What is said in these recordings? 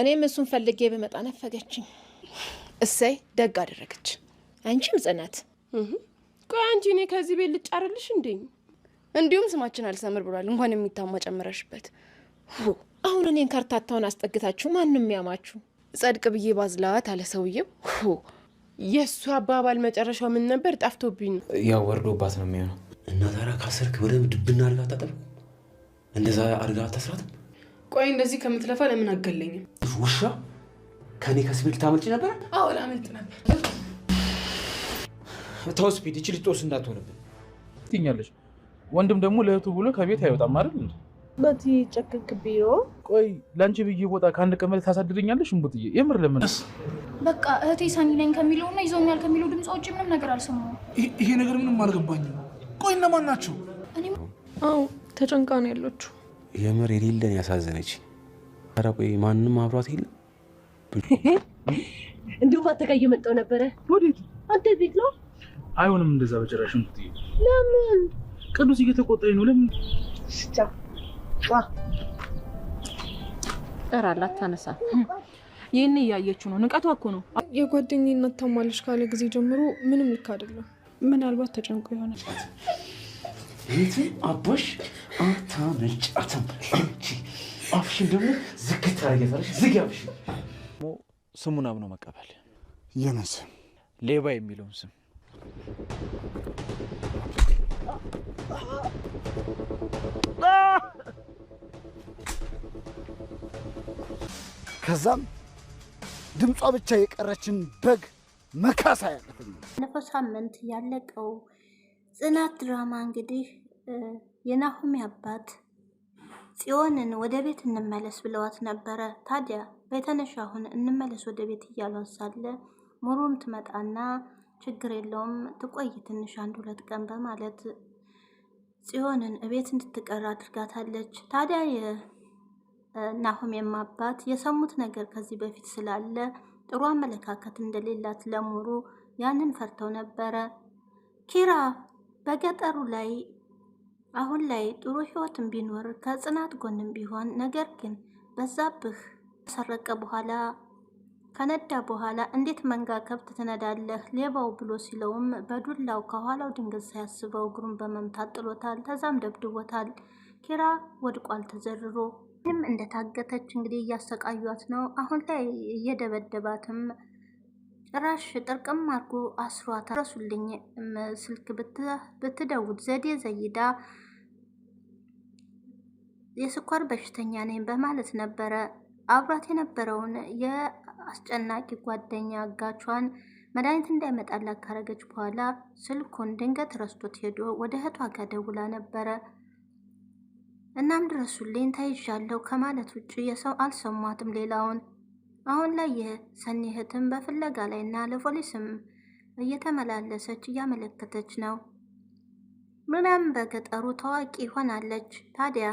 እኔም እሱን ፈልጌ ብመጣ ነፈገችኝ። እሰይ ደግ አደረገች። አንቺም ጽናት፣ ቆይ አንቺ እኔ ከዚህ ቤት ልጫርልሽ እንዴ? እንዲሁም ስማችን አልሰምር ብሏል። እንኳን የሚታማ ጨምረሽበት። አሁን እኔን ከርታታውን አስጠግታችሁ ማንም ያማችሁ ጸድቅ ብዬ ባዝላዋት አለ ሰውዬው። የእሱ አባባል መጨረሻው ምን ነበር? ጠፍቶብኝ ነው። ያው ወርዶባት ነው የሚሆነው። እና ታዲያ ካሰርክ በደንብ ድብና አድርጋ አታጠብቅ? እንደዛ አድርጋ አታስራትም? ቆይ እንደዚህ ከምትለፋ ለምን አገለኝም? ውሻ ከኔ ከስፒድ ታመልጭ ነበር? አዎ ላመልጥ ነበር። ተው ስፒድ፣ ይቺ ልጦስ እንዳትሆንብን ትኛለች። ወንድም ደግሞ ለእህቱ ብሎ ከቤት አይወጣም አይደል እንዴ? በቲ ጨክክ ቢሮ። ቆይ ለአንቺ ብዬ ቦታ ከአንድ ቀመል በላይ ታሳድደኛለሽ? እንቡትዬ የምር ለምን በቃ እህቴ ሰኒ ነኝ ከሚለው እና ይዞኛል ከሚለው ድምፅ ውጭ ምንም ነገር አልሰማሁም። ይሄ ነገር ምንም አልገባኝም። ቆይ እነማን ናቸው? እኔ አዎ ተጨንቃ ነው ያለችው የምር የሌለን ያሳዘነች። ኧረ ቆይ ማንም አብሯት የለም። እንዲሁም አንተ እየመጣው ነበረ። ወዴት? አንተ ቤት ነው። አይሆንም እንደዛ በጭራሽ። ለምን? ቅዱስ እየተቆጣኝ ነው። ለምን? ኧረ አላታነሳ ይህን እያየችው ነው። ንቀቷ እኮ ነው። የጓደኝነት ታማለች ካለ ጊዜ ጀምሮ ምንም ልክ አይደለም። ምናልባት ተጨንቆ ይሆናል። ቤት አቦሽ አታመጭ አታመጭ። አፍሽን ደግሞ ዝግት ታረጊያታለሽ። ዝግ አፍሽን። ስሙን አምኖ መቀበል። የምን ስም? ሌባ የሚለውን ስም ከዛም ድምጿ ብቻ የቀረችን በግ መካሳ ያለፈኝ ባለፈው ሳምንት ያለቀው ጽናት ድራማ እንግዲህ የናሆሚ አባት ጽዮንን ወደ ቤት እንመለስ ብለዋት ነበረ። ታዲያ በተነሽ አሁን እንመለስ ወደ ቤት እያሏት ሳለ ሙሩም ትመጣና ችግር የለውም ትቆይ ትንሽ አንድ ሁለት ቀን በማለት ጽዮንን እቤት እንድትቀር አድርጋታለች። ታዲያ የናሆሜም አባት የሰሙት ነገር ከዚህ በፊት ስላለ ጥሩ አመለካከት እንደሌላት ለሙሩ ያንን ፈርተው ነበረ ኪራ በገጠሩ ላይ አሁን ላይ ጥሩ ህይወትን ቢኖር ከጽናት ጎንም ቢሆን ነገር ግን በዛብህ ሰረቀ በኋላ ከነዳ በኋላ እንዴት መንጋ ከብት ትነዳለህ ሌባው ብሎ ሲለውም በዱላው ከኋላው ድንገት ሳያስበው እግሩን በመምታት ጥሎታል። ከዛም ደብድቦታል። ኪራ ወድቋል ተዘርሮ። ይህም እንደታገተች እንግዲህ እያሰቃዩት ነው። አሁን ላይ እየደበደባትም ራሽ ጥርቅም አርጎ አስሯታ ረሱልኝ ስልክ ብትደውል ዘዴ ዘይዳ የስኳር በሽተኛ ነኝ በማለት ነበረ አብሯት የነበረውን የአስጨናቂ ጓደኛ አጋቿን መድኃኒት እንዳይመጣላት ካረገች በኋላ ስልኩን ድንገት ረስቶት ሄዶ ወደ እህቷ ጋር ደውላ ነበረ። እናም ድረሱልኝ ተይዣለሁ ከማለት ውጭ የሰው አልሰሟትም ሌላውን አሁን ላይ የሰኒ እህትም በፍለጋ ላይ እና ለፖሊስም እየተመላለሰች እያመለከተች ነው። ምናም በገጠሩ ታዋቂ ሆናለች። ታዲያ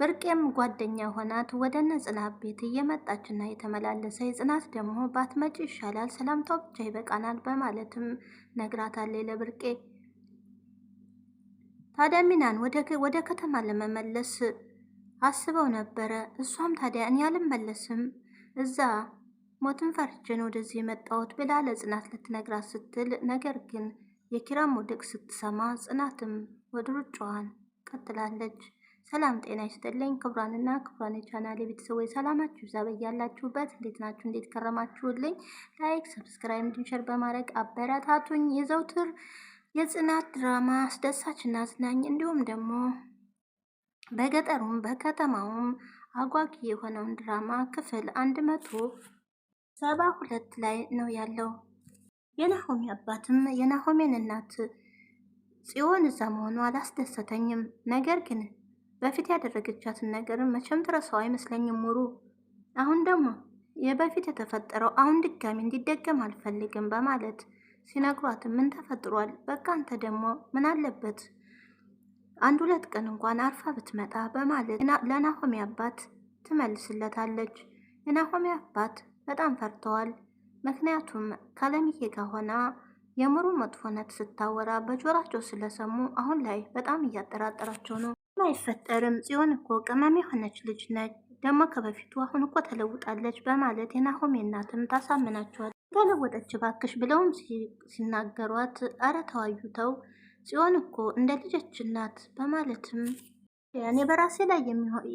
ብርቄም ጓደኛ ሆናት ወደ እነ ጽናት ቤት እየመጣችና የተመላለሰ የጽናት ደግሞ ባትመጪ ይሻላል፣ ሰላምታው ብቻ ይበቃናል በማለትም ነግራታለች ለብርቄ። ታዲያ ሚናን ወደ ከተማ ለመመለስ አስበው ነበረ። እሷም ታዲያ እኔ አልመለስም እዛ ሞትን ፈርቼ ወደዚህ የመጣሁት ብላ ለጽናት ልትነግራት ስትል፣ ነገር ግን የኪራም ውድቅ ስትሰማ ጽናትም ወደ ሩጫዋን ቀጥላለች። ሰላም ጤና ይስጥልኝ። ክቡራንና ክቡራን የቻናል የቤተሰቦች ሰላማችሁ ይብዛ በያላችሁበት። እንዴት ናችሁ? እንዴት ከረማችሁልኝ? ላይክ፣ ሰብስክራይብ እንዲሁም በማድረግ አበረታቱኝ። የዘውትር የጽናት ድራማ አስደሳችና አዝናኝ እንዲሁም ደግሞ በገጠሩም በከተማውም አጓጊ የሆነውን ድራማ ክፍል አንድ መቶ ሰባ ሁለት ላይ ነው ያለው። የናሆሚ አባትም የናሆሜን እናት ጽዮን እዛ መሆኑ አላስደሰተኝም። ነገር ግን በፊት ያደረገቻትን ነገር መቼም ትረሳው አይመስለኝም። ሙሩ አሁን ደግሞ የበፊት የተፈጠረው አሁን ድጋሚ እንዲደገም አልፈልግም በማለት ሲነግሯት ምን ተፈጥሯል? በቃ አንተ ደግሞ ምን አለበት አንድ ሁለት ቀን እንኳን አርፋ ብትመጣ በማለት ለናሆሚ አባት ትመልስለታለች። የናሆሚ አባት በጣም ፈርተዋል። ምክንያቱም ከለምዬ ጋር ሆና የምሩ መጥፎነት ስታወራ በጆራቸው ስለሰሙ አሁን ላይ በጣም እያጠራጠራቸው ነው። አይፈጠርም፣ ጽዮን እኮ ቅመም የሆነች ልጅ ነች፣ ደግሞ ከበፊቱ አሁን እኮ ተለውጣለች በማለት የናሆሚ እናትም ታሳምናቸዋል። ተለወጠች ባክሽ ብለውም ሲናገሯት አረ ተዋዩተው ጽዮን እኮ እንደ ልጆች እናት በማለትም እኔ በራሴ ላይ የሚሆን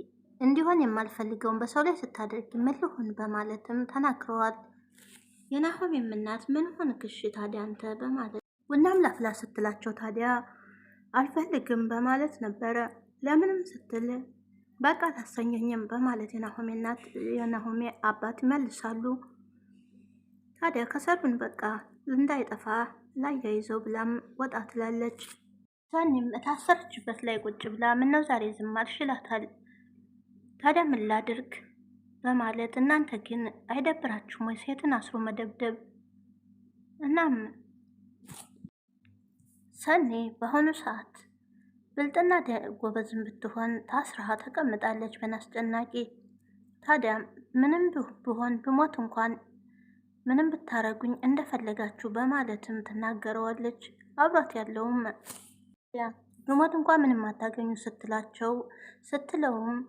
እንዲሆን የማልፈልገውን በሰው ላይ ስታደርግ ምን ልሁን በማለትም ተናግረዋል። የናሆም እናት ምን ክሽ ታዲያ አንተ በማለት ቡናም ላፍላ ስትላቸው ታዲያ አልፈልግም በማለት ነበረ። ለምንም ስትል በቃ ታሰኘኝም በማለት የናሆሜ እናት የናሆሜ አባት ይመልሳሉ። ታዲያ ከሰሉን በቃ እንዳይጠፋ ላይ ብላም ወጣ ትላለች። ሰኒም እታሰረችበት ላይ ቁጭ ብላ ነው ዛሬ ዝም አልሽ ይላታል። ታዲያ ምን ላድርግ በማለት እናንተ ግን አይደብራችሁም ወይ ሴትን አስሮ መደብደብ? እናም ሰኔ በአሁኑ ሰዓት ብልጥና ጎበዝን ብትሆን ታስራ ተቀምጣለች። አስጨናቂ ታዲያ ምንም ብሆን ብሞት እንኳን ምንም ብታረጉኝ እንደፈለጋችሁ በማለትም ትናገረዋለች። አብሯት ያለውም የሞት እንኳ ምንም አታገኙ ስትላቸው ስትለውም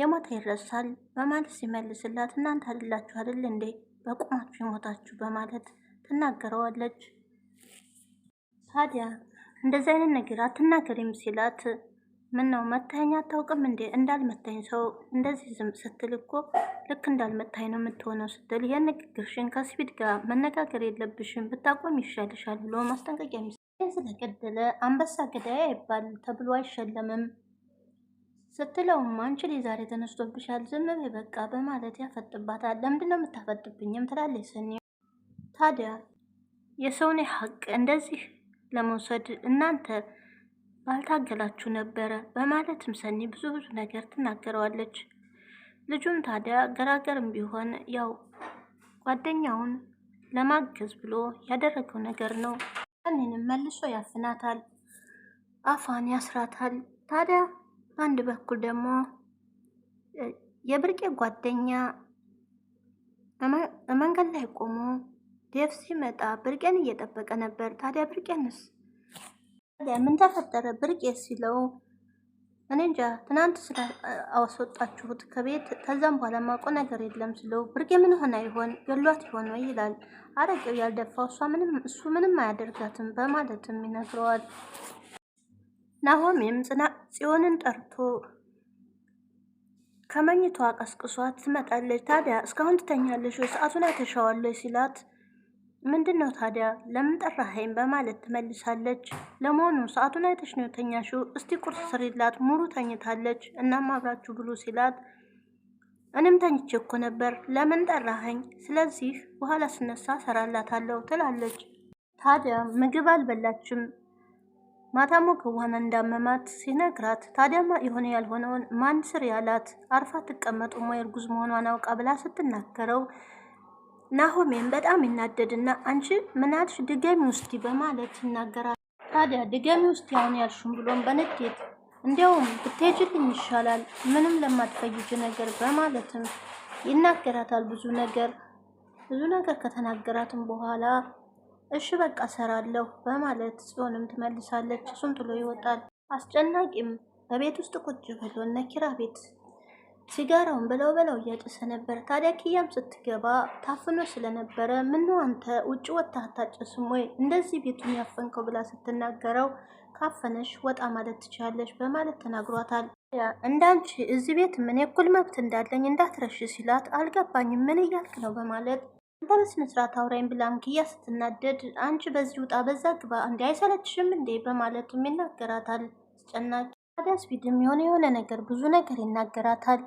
የሞት ይረሳል በማለት ሲመልስላት እናንተ አይደላችሁ አይደል እንዴ በቁማችሁ የሞታችሁ በማለት ትናገረዋለች። ታዲያ እንደዚህ አይነት ነገር አትናገሪም ሲላት ምን ነው መታኝ አታውቅም እንዴ? እንዳልመታኝ ሰው እንደዚህ ዝም ስትል እኮ ልክ እንዳልመታኝ ነው የምትሆነው ስትል ይህን ንግግርሽን ከስፒድ ጋር መነጋገር የለብሽም ብታቆም ይሻልሻል ብሎ ማስጠንቀቂያ ሚስ ስለገደለ አንበሳ ገዳይ አይባል ተብሎ አይሸለምም ስትለውም አንቺ ዛሬ ተነስቶብሻል፣ ዝም በይ በቃ በማለት ያፈጥባታል። ለምንድን ነው የምታፈጥብኝም ትላለች ስኒ። ታዲያ የሰውን ሀቅ እንደዚህ ለመውሰድ እናንተ ባልታገላችሁ ነበረ በማለትም ሰኒ ብዙ ብዙ ነገር ትናገረዋለች። ልጁም ታዲያ ገራገርም ቢሆን ያው ጓደኛውን ለማገዝ ብሎ ያደረገው ነገር ነው። ሰኒንም መልሶ ያፍናታል፣ አፏን ያስራታል። ታዲያ በአንድ በኩል ደግሞ የብርቄ ጓደኛ መንገድ ላይ ቆሞ ዴቭ ሲመጣ ብርቄን እየጠበቀ ነበር። ታዲያ ብርቄንስ ምን ተፈጠረ ብርቄ ሲለው እኔ እንጃ ትናንት ስለ አስወጣችሁት ከቤት ከዛም በኋላ ማውቀው ነገር የለም ስለው ብርቄ ምን ሆና ይሆን ገሏት ይሆን ወይ ይላል። አረቄው ያልደፋው እሷ ምንም እሱ ምንም አያደርጋትም በማለትም ይነግረዋል። ናሆሜም ጽና ጽዮንን ጠርቶ ከመኝቷ ቀስቅሷት ትመጣለች። ታዲያ እስካሁን ትተኛለች፣ ሰዓቱን አይተሻዋለች ሲላት ምንድን ነው ታዲያ ለምን ጠራኸኝ? በማለት ትመልሳለች። ለመሆኑ ሰዓቱን አይተሽ ነው የተኛሽው? እስቲ ቁርስ ስሪላት፣ ሙሉ ተኝታለች። እናም አብራችሁ ብሉ ሲላት እኔም ተኝቼ እኮ ነበር፣ ለምን ጠራኸኝ? ስለዚህ በኋላ ስነሳ ሰራላታለሁ ትላለች። ታዲያ ምግብ አልበላችም። ማታ ሞገቧን እንዳመማት ሲነግራት ታዲያ የሆነ ያልሆነውን ማን ስር ያላት አርፋ ትቀመጡ ወይ እርጉዝ መሆኗን አውቃ ብላ ስትናገረው ናሆሜን በጣም ይናደድና አንቺ ምናልሽ ድገሚ ውስቲ በማለት ይናገራል። ታዲያ ድገሚ ውስቲ አሁን ያልሽም ብሎም በንዴት እንዲያውም ብትሄጂልኝ ይሻላል ምንም ለማትፈይጅ ነገር በማለትም ይናገራታል። ብዙ ነገር ብዙ ነገር ከተናገራትም በኋላ እሺ በቃ ሰራለሁ በማለት ጽዮንም ትመልሳለች። እሱም ጥሎ ይወጣል። አስጨናቂም በቤት ውስጥ ቁጭ ብሎ እነ ኪራ ቤት ሲጋራውን በለው በለው እያጨሰ ነበር። ታዲያ ኪያም ስትገባ ታፍኖ ስለነበረ ምነው አንተ ውጭ ወጥተህ አታጨስም ወይ እንደዚህ ቤቱን ያፈንከው ብላ ስትናገረው ካፈነሽ ወጣ ማለት ትችላለሽ በማለት ተናግሯታል። እንዳንቺ እዚህ ቤት ምን የእኩል መብት እንዳለኝ እንዳትረሽ ሲላት አልገባኝም ምን እያልክ ነው በማለት አንተ በስነ ስርዓት አውራኝ ብላም ኪያ ስትናደድ አንቺ በዚህ ውጣ በዛ ግባ እንዲ አይሰለችሽም እንዴ በማለትም ይናገራታል። አስጨናቂ ታዲያ ስፒድም የሆነ የሆነ ነገር ብዙ ነገር ይናገራታል።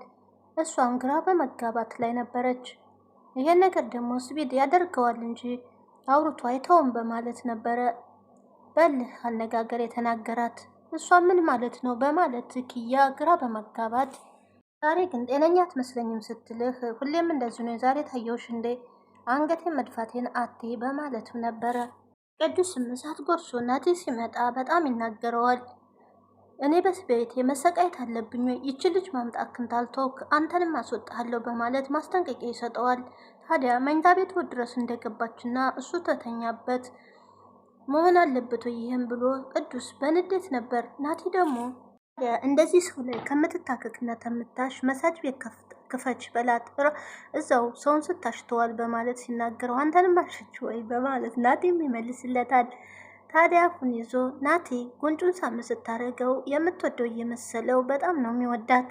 እሷም ግራ በመጋባት ላይ ነበረች። ይሄን ነገር ደግሞ ስፒድ ያደርገዋል እንጂ አውርቶ አይተውም በማለት ነበረ በልህ አነጋገር የተናገራት። እሷ ምን ማለት ነው በማለት ክያ ግራ በመጋባት ዛሬ ግን ጤነኛ አትመስለኝም ስትልህ ሁሌም እንደዚህ ነው የዛሬ ታየውሽ እንዴ አንገቴን መድፋቴን አቴ በማለትም ነበረ። ቅዱስም እሳት ጎርሶ እናቴ ሲመጣ በጣም ይናገረዋል። እኔ በስቤት የመሰቃየት አለብኝ ወይ? ይቺ ልጅ ማምጣት ክንታልቶክ አንተንም አስወጣሃለሁ በማለት ማስጠንቀቂያ ይሰጠዋል። ታዲያ መኝታ ቤት ድረስ እንደገባችና እሱ ተተኛበት መሆን አለበት ወይ ይህም ብሎ ቅዱስ በንዴት ነበር። ናቲ ደግሞ እንደዚህ ሰው ላይ ከምትታከክና ከምታሽ መሳጅ ቤት ክፈች በላት እዛው ሰውን ስታሽተዋል በማለት ሲናገረው አንተንም አሸች ወይ በማለት ናቲም ይመልስለታል። ታዲያ አፉን ይዞ ናቲ ጉንጩን ሳም ስታደርገው የምትወደው እየመሰለው በጣም ነው የሚወዳት።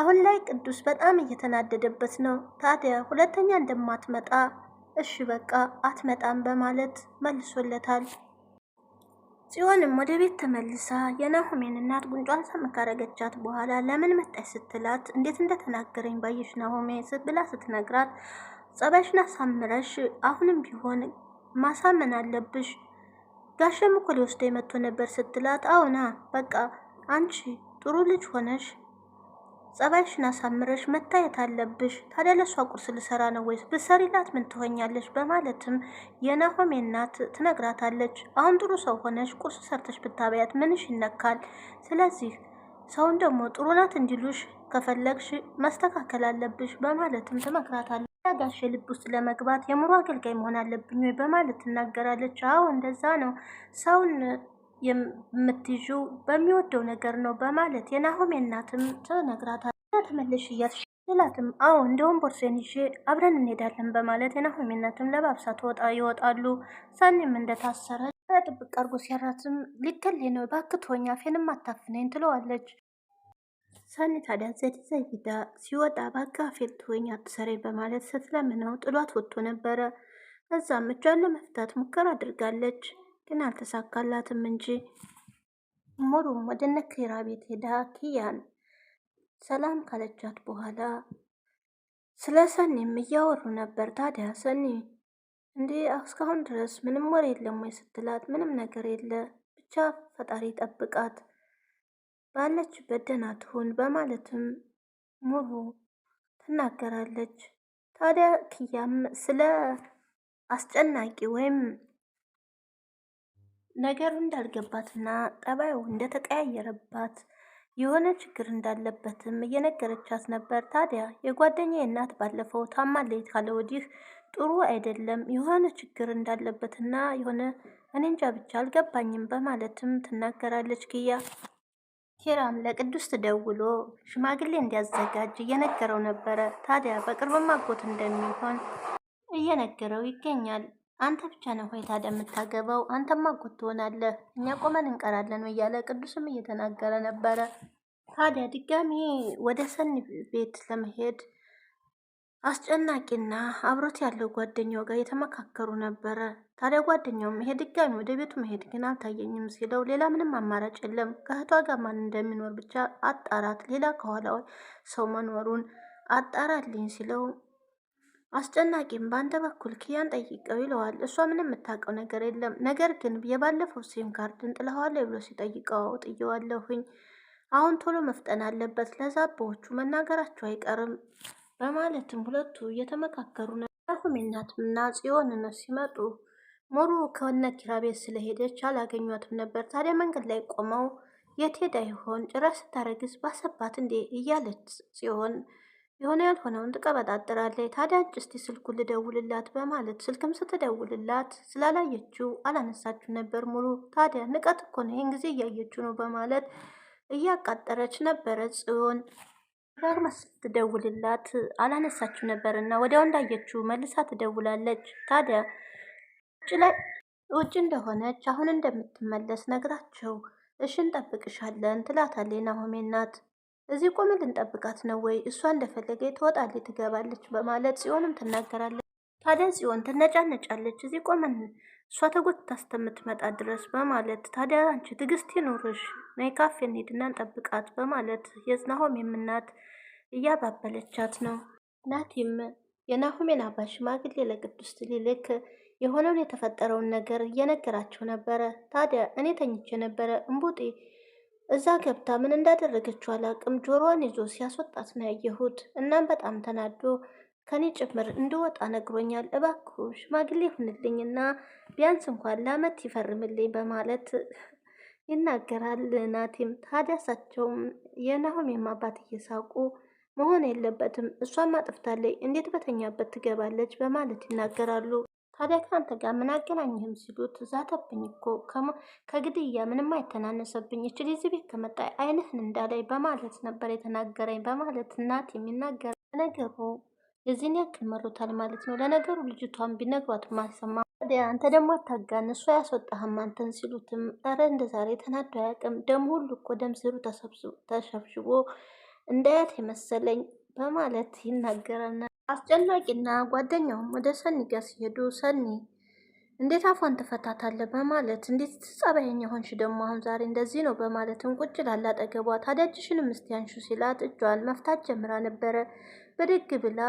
አሁን ላይ ቅዱስ በጣም እየተናደደበት ነው። ታዲያ ሁለተኛ እንደማትመጣ እሺ በቃ አትመጣም በማለት መልሶለታል። ጽዮንም ወደ ቤት ተመልሳ የናሆሜን እናት ጉንጯን ሳም ካረገቻት በኋላ ለምን መጣች ስትላት እንዴት እንደተናገረኝ ባየሽ ናሆሜ ብላ ስትነግራት ጸባይሽን አሳምረሽ አሁንም ቢሆን ማሳመን አለብሽ ጋሸ እኮ ሊወስደኝ መጥቶ ነበር ስትላት፣ አውና በቃ አንቺ ጥሩ ልጅ ሆነሽ ጸባይሽን አሳምረሽ መታየት አለብሽ። ታዲያ ለሷ ቁርስ ልሰራ ነው ወይስ ብሰሪላት ምን ትሆኛለሽ? በማለትም የናሆሜ እናት ትነግራታለች። አሁን ጥሩ ሰው ሆነሽ ቁርስ ሰርተሽ ብታበያት ምንሽ ይነካል? ስለዚህ ሰውን ደግሞ ጥሩ ናት እንዲሉሽ ከፈለግሽ መስተካከል አለብሽ በማለትም ትመክራታለች። ያጋሽ ልብ ውስጥ ለመግባት የምሮ አገልጋይ መሆን አለብኝ ወይ በማለት ትናገራለች። አዎ እንደዛ ነው፣ ሰውን የምትይዥው በሚወደው ነገር ነው በማለት የናሆሜ እናትም ትነግራታለች። ትመልሽ እያልሽ ሌላትም አዎ እንደውም ቦርሴን ይዤ አብረን እንሄዳለን በማለት የናሆሜ እናትም ለባብሳ ትወጣ ይወጣሉ። ሳኒም እንደታሰረ በጥብቅ አርጎ ሲያራትም ሊገሌ ነው ባክቶኛ ፌንም አታፍነኝ ትለዋለች። ሰኒ ታዲያ ዘዴዛ ሲወጣ ባጋ ፌል አትሰሬ በማለት ስትለምነው ጥሏት ወጥቶ ነበረ። እዛም እጇን ለመፍታት ሙከራ አድርጋለች፣ ግን አልተሳካላትም እንጂ ሙሩም ወደ እነ ቤት ሄዳ ኪያን ሰላም ካለቻት በኋላ ስለ ሰኒም እያወሩ ነበር። ታዲያ ሰኒ እንዴ እስካሁን ድረስ ምንም ወሬ የለም ወይ ስትላት ምንም ነገር የለ ብቻ ፈጣሪ ጠብቃት ባለችበት ደህና ትሁን በማለትም ሙሉ ትናገራለች። ታዲያ ክያም ስለ አስጨናቂ ወይም ነገሩ እንዳልገባትና ጠባዩ እንደተቀያየረባት የሆነ ችግር እንዳለበትም እየነገረቻት ነበር። ታዲያ የጓደኛ እናት ባለፈው ታማለይ ካለ ወዲህ ጥሩ አይደለም፣ የሆነ ችግር እንዳለበትና የሆነ እኔ እንጃ ብቻ አልገባኝም በማለትም ትናገራለች ክያ ኪራም ለቅዱስ ተደውሎ ሽማግሌ እንዲያዘጋጅ እየነገረው ነበረ። ታዲያ በቅርብ ማጎት እንደሚሆን እየነገረው ይገኛል። አንተ ብቻ ነው ሆይ ታዲያ የምታገባው? አንተም ማጎት ትሆናለህ፣ እኛ ቆመን እንቀራለን እያለ ቅዱስም እየተናገረ ነበረ። ታዲያ ድጋሚ ወደ ሰኒ ቤት ለመሄድ አስጨናቂና አብሮት ያለው ጓደኛው ጋር እየተመካከሩ ነበረ። ታዲያ ጓደኛውም ይሄ ድጋሚ ወደ ቤቱ መሄድ ግን አልታየኝም ሲለው ሌላ ምንም አማራጭ የለም ከእህቷ ጋር ማን እንደሚኖር ብቻ አጣራት፣ ሌላ ከኋላ ሰው መኖሩን አጣራልኝ ሲለው አስጨናቂም በአንተ በኩል ኪያን ጠይቀው ይለዋል። እሷ ምንም የምታውቀው ነገር የለም። ነገር ግን የባለፈው ሲም ካርድን ጥለዋለ ብሎ ሲጠይቀው ጥየዋለሁኝ። አሁን ቶሎ መፍጠን አለበት፣ ለዛቦዎቹ መናገራቸው አይቀርም በማለትም ሁለቱ እየተመካከሩ ነ ናሁሜ እናትና ጽዮን ሲመጡ ሞሩ ከነ ኪራ ቤት ስለሄደች አላገኟትም ነበር። ታዲያ መንገድ ላይ ቆመው የት ሄዳ ይሆን ጭራሽ ስታረግዝ ባሰባት እንዴ እያለች ሲሆን የሆነ ያልሆነውን ትቀበጣጥራለች። ታዲያ አንቺ እስቲ ስልኩን ልደውልላት በማለት ስልክም ስትደውልላት ስላላየችው አላነሳችሁ ነበር ሙሉ። ታዲያ ንቀት እኮ ነው ይህን ጊዜ እያየችው ነው በማለት እያቃጠረች ነበረ ጽዮን ዳግማ ስትደውልላት አላነሳችሁ ነበር እና ወዲያው እንዳየችው መልሳ ትደውላለች። ታዲያ ውጭ ላይ ውጭ እንደሆነች አሁን እንደምትመለስ ነግራቸው እሺ እንጠብቅሻለን ትላታለች ናሆሜ ናት። እዚህ ቆመን ልንጠብቃት ነው ወይ? እሷ እንደፈለገ ትወጣለች ትገባለች በማለት ጽዮንም ትናገራለች። ታዲያ ጽዮን ትነጫነጫለች። እዚህ ቆመን እሷ ተጎትታ እስከምትመጣ ድረስ በማለት ታዲያ አንቺ ትዕግስት ይኖርሽ፣ ነይ ካፌ እንሂድና እንጠብቃት በማለት የናሆሜም እናት እያባበለቻት ነው ናቲም የናሁሜን አባት ሽማግሌ ለቅዱስ ሊልክ የሆነውን የተፈጠረውን ነገር እየነገራቸው ነበረ። ታዲያ እኔ ተኝቼ ነበረ። እምቡጤ እዛ ገብታ ምን እንዳደረገችው አላቅም፣ ጆሮዋን ይዞ ሲያስወጣት ነው ያየሁት። እናም በጣም ተናዶ ከኔ ጭምር እንድወጣ ነግሮኛል። እባክዎ ሽማግሌ ይሁንልኝና ቢያንስ እንኳን ለአመት ይፈርምልኝ በማለት ይናገራል ናቲም። ታዲያ እሳቸውም የናሆሜም አባት እየሳቁ መሆን የለበትም እሷም አጥፍታለች፣ እንዴት በተኛበት ትገባለች በማለት ይናገራሉ። ታዲያ ከአንተ ጋር ምን አገናኝህም ሲሉት ዛተብኝ እኮ ከግድያ ምንም አይተናነሰብኝ፣ እች እዚህ ቤት ከመጣ አይንህን እንዳላይ በማለት ነበር የተናገረኝ በማለት እናት የሚናገር ነገሩ የዚህን ያክል መሮታል ማለት ነው። ለነገሩ ልጅቷን ቢነግሯት ማሰማ ታዲያ አንተ ደግሞ አታጋን እሱ ያስወጣህም አንተን ሲሉትም ኧረ እንደ ዛሬ ተናዶ አያውቅም። ደም ሁሉ እኮ ደም ስሩ ተሸብሽቦ እንዳያት የመሰለኝ በማለት ይናገራል። አስጨናቂና ጓደኛውም ወደ ሰኒ ጋር ሲሄዱ ሰኒ እንዴት አፏን ትፈታታለህ? በማለት እንዴት ጸባየኛ ሆንሽ ደግሞ አሁን ዛሬ እንደዚህ ነው በማለት እንቁጭ አጠገቧ ታዲያችሽንም እስቲ አንሹ ሲላት እጇን መፍታት ጀምራ ነበረ። ብድግ ብላ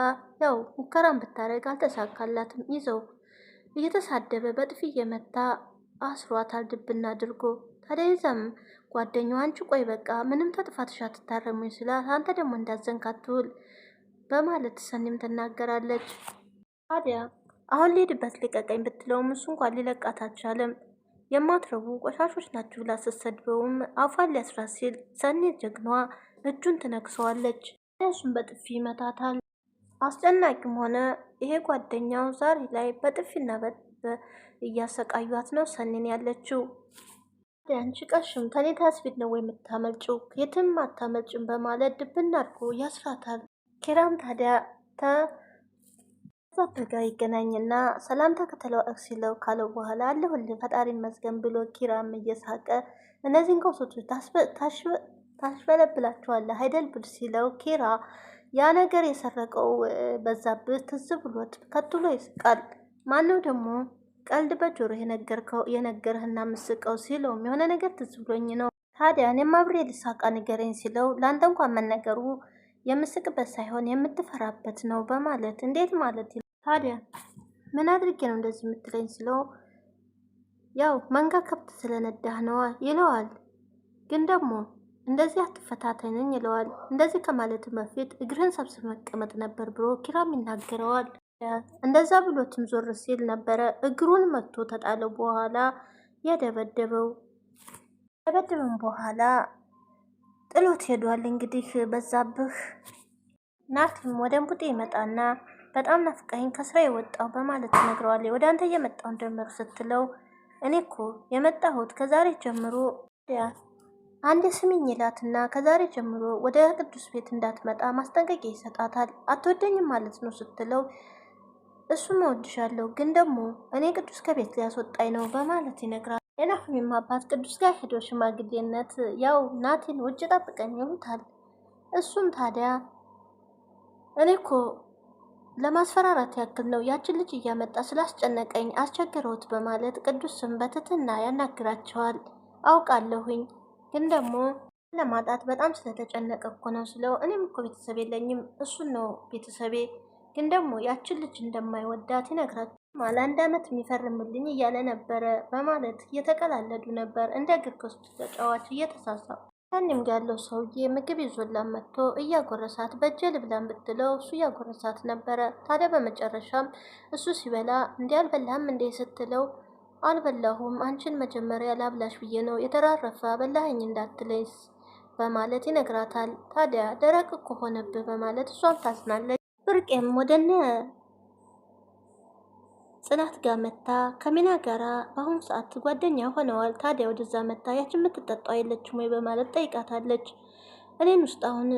ያው ሙከራን ብታደርግ አልተሳካላትም። ይዘው እየተሳደበ በጥፊ እየመታ አስሯታል ድብና አድርጎ ታዲያ የዛም ጓደኛዋ አንቺ ቆይ በቃ ምንም ተጥፋትሽ አትታረሙኝ ስላት አንተ ደግሞ እንዳዘንክ በማለት ሰኒም ትናገራለች። ታዲያ አሁን ልሄድበት ሊቀቀኝ ብትለውም እሱ እንኳን ሊለቃት አልቻለም። የማትረቡ ቆሻሾች ናችሁ ብላ ስትሰድበውም አፏን ሲል ሰኒ ጀግኗ እጁን ትነክሰዋለች። እሱም በጥፊ ይመታታል። አስጨናቂም ሆነ ይሄ ጓደኛው ዛሬ ላይ በጥፊና በ እያሰቃዩት ነው ሰኒን ያለችው። አንቺ ቀሽም ከኔ ታስቢት ነው የምታመልጭው? የትም አታመልጭም በማለት ድብን አድርጎ ያስራታል። ኪራም ታዲያ ከዛብህ ጋር ይገናኝና ሰላምታ ከተለዋወቅ ሲለው ካለው በኋላ አለሁልህ ፈጣሪ ይመስገን ብሎ ኪራም እየሳቀ እነዚህን ቀውሶቶች ታሽበለብላቸዋለህ አይደል ብል ሲለው ኪራ ያ ነገር የሰረቀው በዛብህ ትዝ ብሎት ከትሎ ይስቃል። ማነው ደግሞ ቀልድ በጆሮ የነገርህና ምስቀው ሲለውም የሆነ ነገር ትዝ ብሎኝ ነው። ታዲያ እኔም አብሬ ልሳቃ ንገረኝ ሲለው ለአንተ እንኳን መነገሩ የምስቅበት ሳይሆን የምትፈራበት ነው በማለት እንዴት ማለት ታዲያ ምን አድርጌ ነው እንደዚህ የምትለኝ ሲለው ያው መንጋ ከብት ስለነዳህ ነዋ ይለዋል። ግን ደግሞ እንደዚህ አትፈታተነኝ ይለዋል። እንደዚህ ከማለት በፊት እግርህን ሰብስብ መቀመጥ ነበር ብሎ ኪራም ይናገረዋል። እንደዛ ብሎትም ዞር ሲል ነበረ እግሩን መቶ ተጣለው በኋላ የደበደበው ደበደበም በኋላ ጥሎት ሄዷል። እንግዲህ በዛብህ ናቲም ወደ እንቡጤ ይመጣና በጣም ናፍቀኸኝ ከስራ የወጣው በማለት ነግረዋል። ወደ አንተ እየመጣው እንደምር ስትለው እኔ እኮ የመጣሁት ከዛሬ ጀምሮ አንድ ስሚኝ ይላትና ከዛሬ ጀምሮ ወደ ቅዱስ ቤት እንዳትመጣ ማስጠንቀቂያ ይሰጣታል። አትወደኝም ማለት ነው ስትለው እሱም እወድሻለሁ፣ ግን ደግሞ እኔ ቅዱስ ከቤት ሊያስወጣኝ ነው በማለት ይነግራል። የናሁሚም አባት ቅዱስ ጋር ሄዶ ሽማግሌነት ያው ናቴን ውጭ ጠብቀኝ ይሉታል። እሱም ታዲያ እኔ እኮ ለማስፈራራት ያክል ነው ያችን ልጅ እያመጣ ስላስጨነቀኝ አስቸገረውት በማለት ቅዱስም በትትና ያናግራቸዋል። አውቃለሁኝ ግን ደግሞ ለማጣት በጣም ስለተጨነቀ እኮ ነው ስለው እኔም እኮ ቤተሰብ የለኝም እሱን ነው ቤተሰቤ ግን ደግሞ ያችን ልጅ እንደማይወዳት ማለ አንድ አመት የሚፈርምልኝ እያለ ነበረ በማለት እየተቀላለዱ ነበር። እንደ እግር ኳስ ተጫዋች እየተሳሳቡ ያንም ያለው ሰውዬ ምግብ ይዞላን መጥቶ እያጎረሳት በእጀ ልብላን ብትለው እሱ እያጎረሳት ነበረ። ታዲያ በመጨረሻም እሱ ሲበላ እንዲህ አልበላህም እንዴ ስትለው አልበላሁም አንቺን መጀመሪያ ላብላሽ ብዬ ነው የተራረፈ በላኸኝ እንዳትለይስ በማለት ይነግራታል። ታዲያ ደረቅ እኮ ሆነብህ በማለት እሷም ታዝናለች። ብርቄም ወደነ ጽናት ጋር መታ ከሚና ጋራ በአሁኑ ሰዓት ጓደኛ ሆነዋል። ታዲያ ወደዛ መታ ያችን የምትጠጣው የለችም ወይ በማለት ጠይቃታለች። እኔን ውስጥ አሁን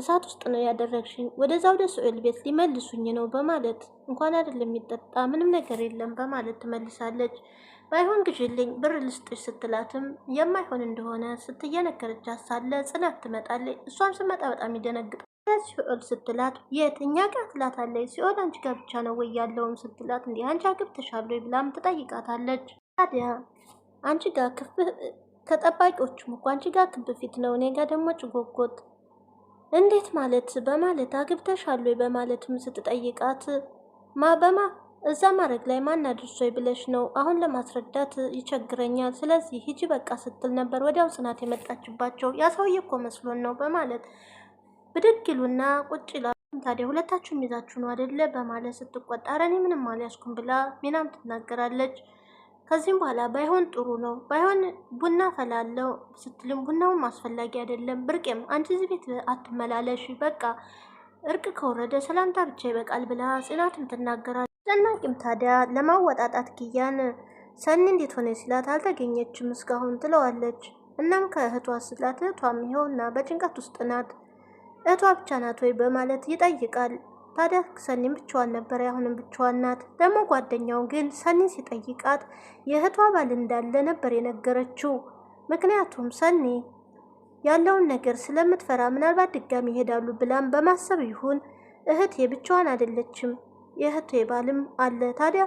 እሳት ውስጥ ነው ያደረግሽኝ፣ ወደዛ ወደ ስዕል ቤት ሊመልሱኝ ነው በማለት እንኳን አይደለም የሚጠጣ ምንም ነገር የለም በማለት ትመልሳለች። ባይሆን ግዢልኝ ብር ልስጥሽ ስትላትም የማይሆን እንደሆነ ስትየነከረች ሳለ ጽናት ትመጣለች። እሷም ስመጣ በጣም ይደነግጣል። ሲኦል ስትላት የትኛ ጋር ትላታለች። ሲኦል አንቺ ጋር ብቻ ነው ወይ ያለውም ስትላት እንዲህ አንቺ አግብተሻል ወይ ብላም ትጠይቃታለች። ታዲያ አንቺ ጋር ክፍ ከጠባቂዎቹም እኮ አንቺ ጋር ክብ ፊት ነው፣ እኔ ጋር ደግሞ ጭጎጎት እንዴት ማለት በማለት አግብተሻል ወይ በማለትም ስትጠይቃት በማ እዛ ማድረግ ላይ ማን አድርሶ ብለሽ ነው አሁን ለማስረዳት ይቸግረኛል። ስለዚህ ሂጂ በቃ ስትል ነበር ወዲያው ጽናት የመጣችባቸው። ያ ሰውዬ እኮ መስሎን ነው በማለት ብድግ ይሉና ቁጭ ይላሉ። ታዲያ ሁለታችሁም ይዛችሁ ነው አደለ? በማለት ስትቆጣ ረኔ ምንም አልያዝኩም ብላ ሚናም ትናገራለች። ከዚህም በኋላ ባይሆን ጥሩ ነው ባይሆን ቡና ፈላለው ስትልም ቡናውም አስፈላጊ አይደለም ብርቄም አንቺ እዚህ ቤት አትመላለሽ በቃ እርቅ ከወረደ ሰላምታ ብቻ ይበቃል ብላ ጽናትም ትናገራለች። አስጨናቂም ታዲያ ለማወጣጣት ኪያን ሰኒ እንዴት ሆነ ሲላት አልተገኘችም እስካሁን ትለዋለች። እናም ከእህቷ ስላት እህቷም ይኸውና በጭንቀት ውስጥ ናት። እህቷ ብቻ ናት ወይ በማለት ይጠይቃል። ታዲያ ሰኒን ብቻዋን ነበር፣ አሁንም ብቻዋን ናት። ደግሞ ጓደኛው ግን ሰኒን ሲጠይቃት የእህቷ ባል እንዳለ ነበር የነገረችው። ምክንያቱም ሰኒ ያለውን ነገር ስለምትፈራ ምናልባት ድጋሚ ይሄዳሉ ብላም በማሰብ ይሁን እህት የብቻዋን አይደለችም፣ የእህቴ ባልም አለ። ታዲያ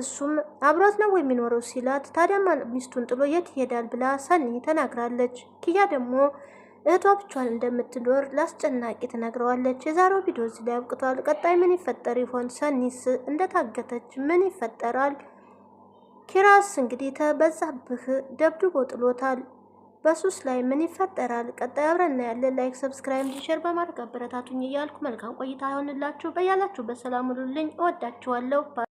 እሱም አብሯት ነው የሚኖረው ሲላት፣ ታዲያ ሚስቱን ጥሎ የት ይሄዳል ብላ ሰኒ ተናግራለች። ኪያ ደግሞ እህቷ ብቻዋን እንደምትኖር ለአስጨናቂ ትነግረዋለች። የዛሬው ቪዲዮ እዚህ ላይ አብቅቷል። ቀጣይ ምን ይፈጠር ይሆን? ሰኒስ እንደታገተች ምን ይፈጠራል? ኪራስ እንግዲህ ተበዛብህ ደብድቦ ጥሎታል። በሱስ ላይ ምን ይፈጠራል? ቀጣይ አብረና ያለን። ላይክ፣ ሰብስክራይብ፣ ሼር በማድረግ አበረታቱኝ እያልኩ መልካም ቆይታ ይሆንላችሁ። በያላችሁ በሰላም ሁኑልኝ። እወዳችኋለሁ።